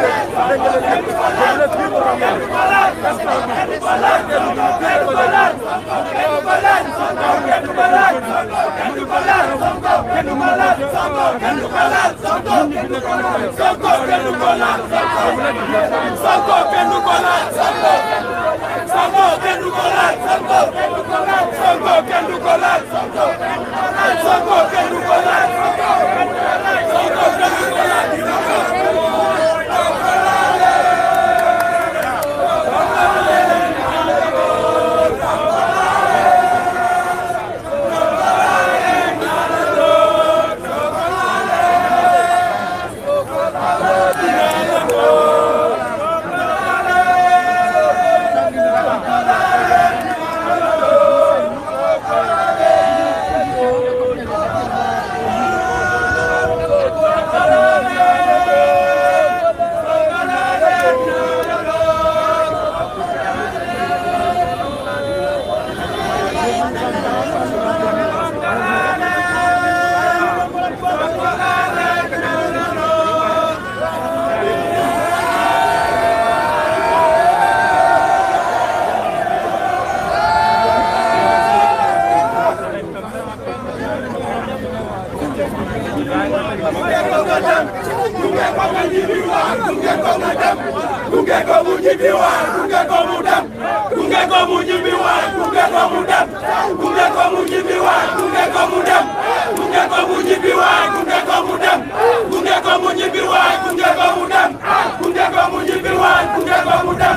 Sango, Sango, Sango, Sango, ko mu dem gunge ko mu ñibbi waay gunge ko mu dem gunge ko mu ñibbi waay gunge ko mu dem gunge ko mu ñibbi waay gunge ko mu dem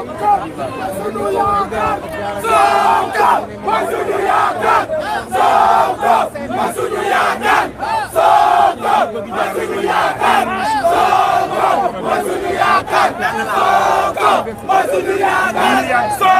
Sou Mas o Mas o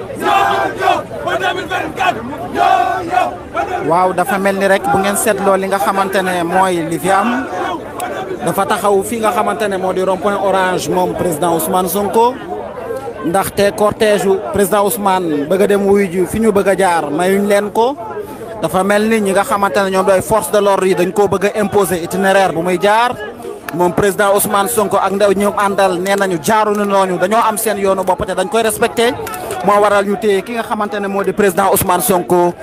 waaw dafa mel ni rek bu ngeen seetloo li nga xamante ne mooy li fi am dafa taxaw fii nga xamante ne moo di rond orange moom président Ousmane Sonko ndaxte cortège président Ousmane bëgg a dem wuyu ji fi ñu bëgg a jaar mayuñ leen ko dafa mel ni ñi nga xamante ne ñoom doy force de l'ordre yi dañ koo bëgg a imposer bu muy jaar moom président Ousmane Sonko ak ndaw ñoom àndal nee nañu jaaruñu nooñu dañoo am seen yoonu bopp te dañ koy respecté. moo waral ñu téye ki nga xamante ne moo di président Ousmane Sonko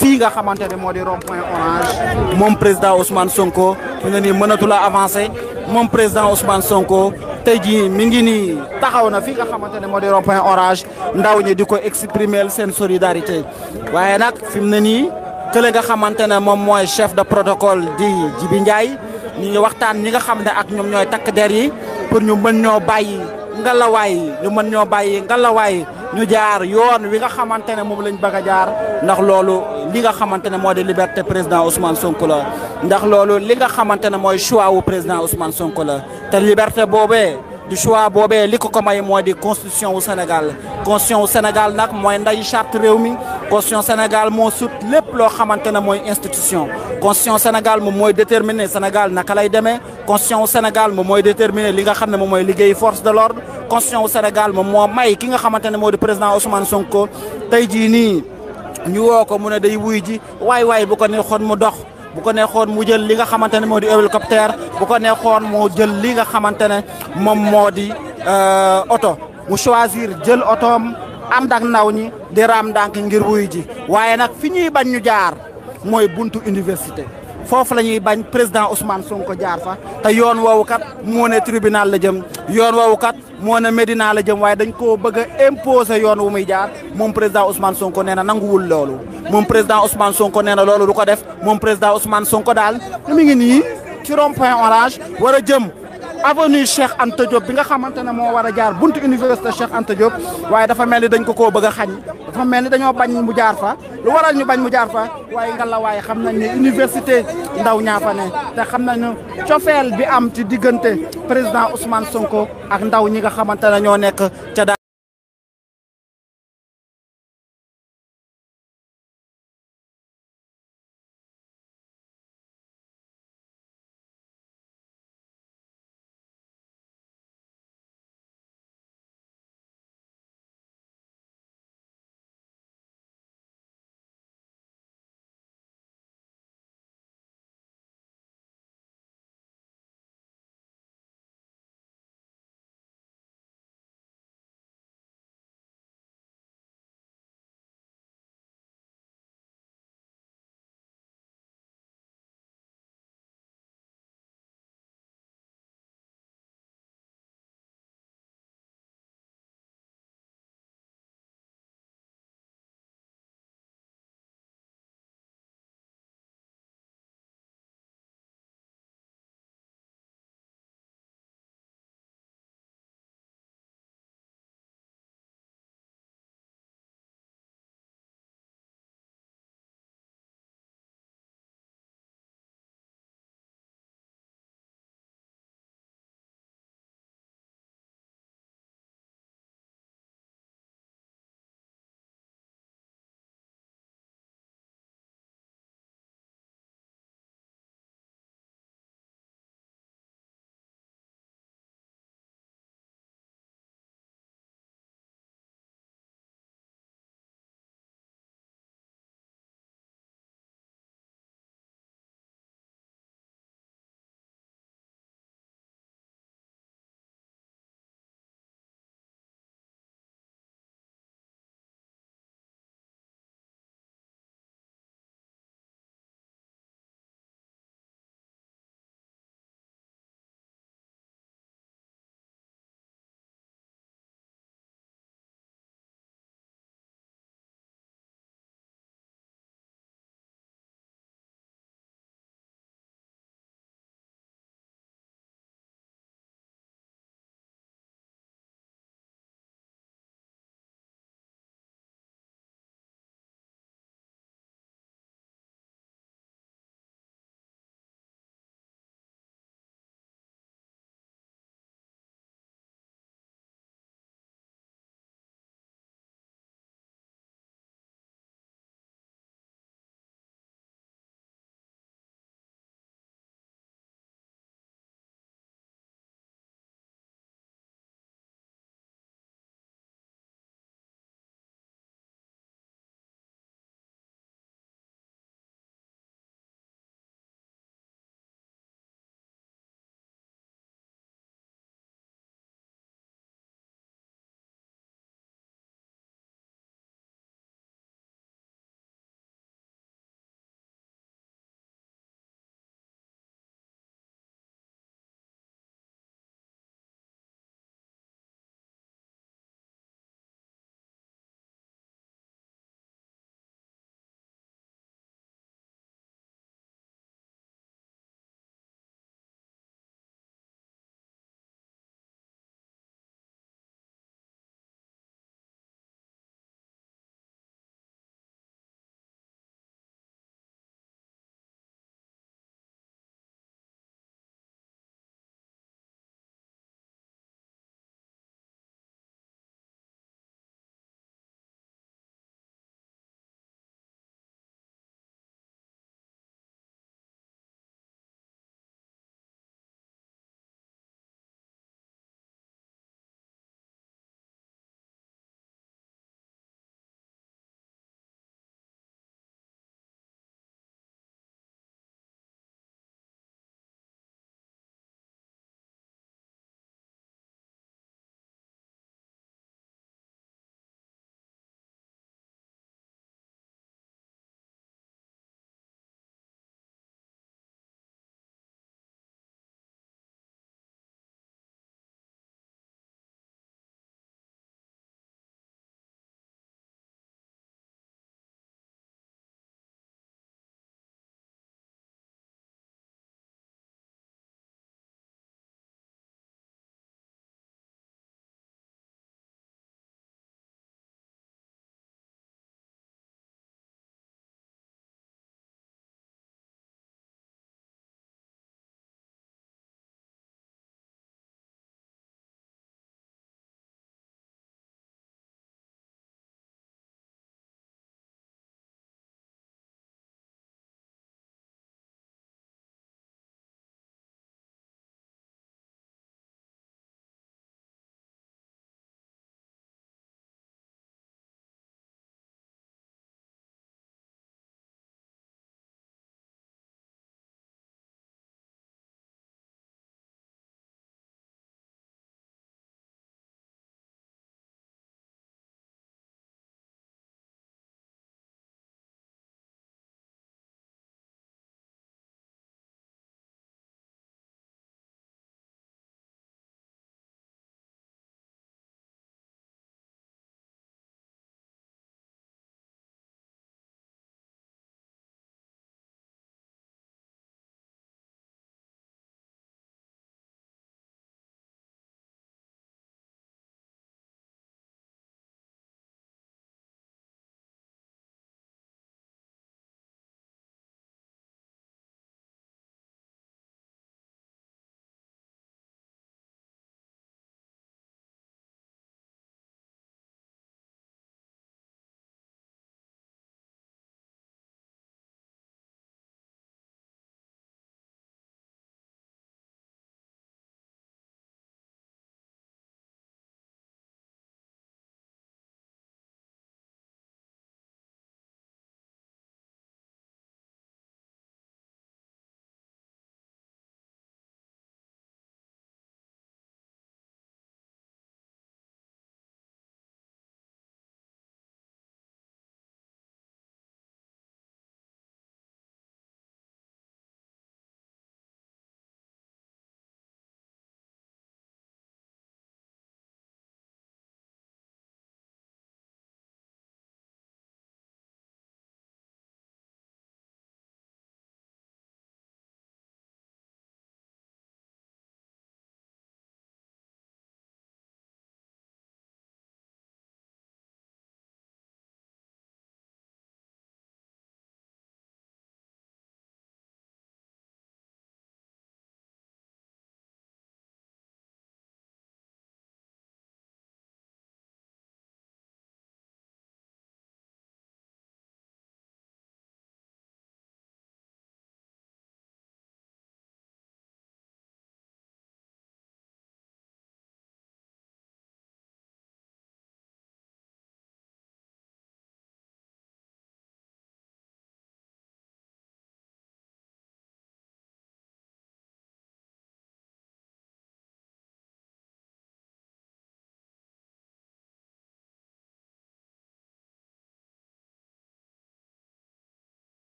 fii nga xamante ne moo di rond point orange moom président Ousmane Sonko mi nga nii mënatul a avancer moom président Ousmane Sonko tey jii mi ngi nii taxaw na fi nga xamante ne moo di rond point orange ndaw ñi di ko exprimer seen solidarité waaye nag fi mu ne nii kële nga xamante ne moom mooy chef de protocole di Jibi Ndiaye ñu ngi waxtaan ñi nga xam ne ak ñoom ñooy takk der yi pour ñu mën ñoo bàyyi ngalawaay ñu mën ñoo bàyyi ngalawaay ñu jaar yoon wi nga xamante ne moom lañ bëgg a jaar ndax loolu li nga xamante ne moo di liberté président Ousmane Sonko la ndax loolu li nga xamante ne mooy choix wu président Ousmane Sonko la te liberté boobe di choix boobee li ko ko may moo di constitution wu Sénégal constitution wu Sénégal nag mooy nday charte réew mi Conscience Sénégal mo institution Conscience Sénégal mo moy déterminer Sénégal nakalay démé Sénégal je suis déterminer li nga xamné force de l'ordre constitution Sénégal suis may président Ousmane Sonko suis déterminé, ñu déterminé, mu né day wuy ji bu ko mu dox bu ko di hélicoptère bu ko jël li nga euh, choisir ànd ak ndaw ñi di raam ndànk ngir wuyu waaye nag fi ñuy bañ ñu jaar mooy buntu université foofu la ñuy bañ président Ousmane Sonko jaar fa te yoon woowu kat moo ne tribunal la jëm yoon woowu kat moo ne Médina la jëm waaye dañ koo bëgg a yoon wu muy jaar moom président Ousmane Sonko nee na nanguwul loolu moom président Ousmane Sonko nee na loolu du ko def moom président Ousmane Sonko daal mi ngi nii ci rond-point orange a jëm. avenue Cheikh Anta Diop bi nga xamante ne moo war a jaar buntu université Cheikh Anta Diop waaye dafa mel ni dañ ko koo bëgg a xañ dafa mel ni dañoo bañ mu jaar fa lu waral ñu bañ mu jaar fa waaye nga la waaye xam nañ ne université ndaw ñaa fa ne te xam nañu cofeel bi am ci diggante président Ousmane Sonko ak ndaw ñi nga xamante ne ñoo nekk ca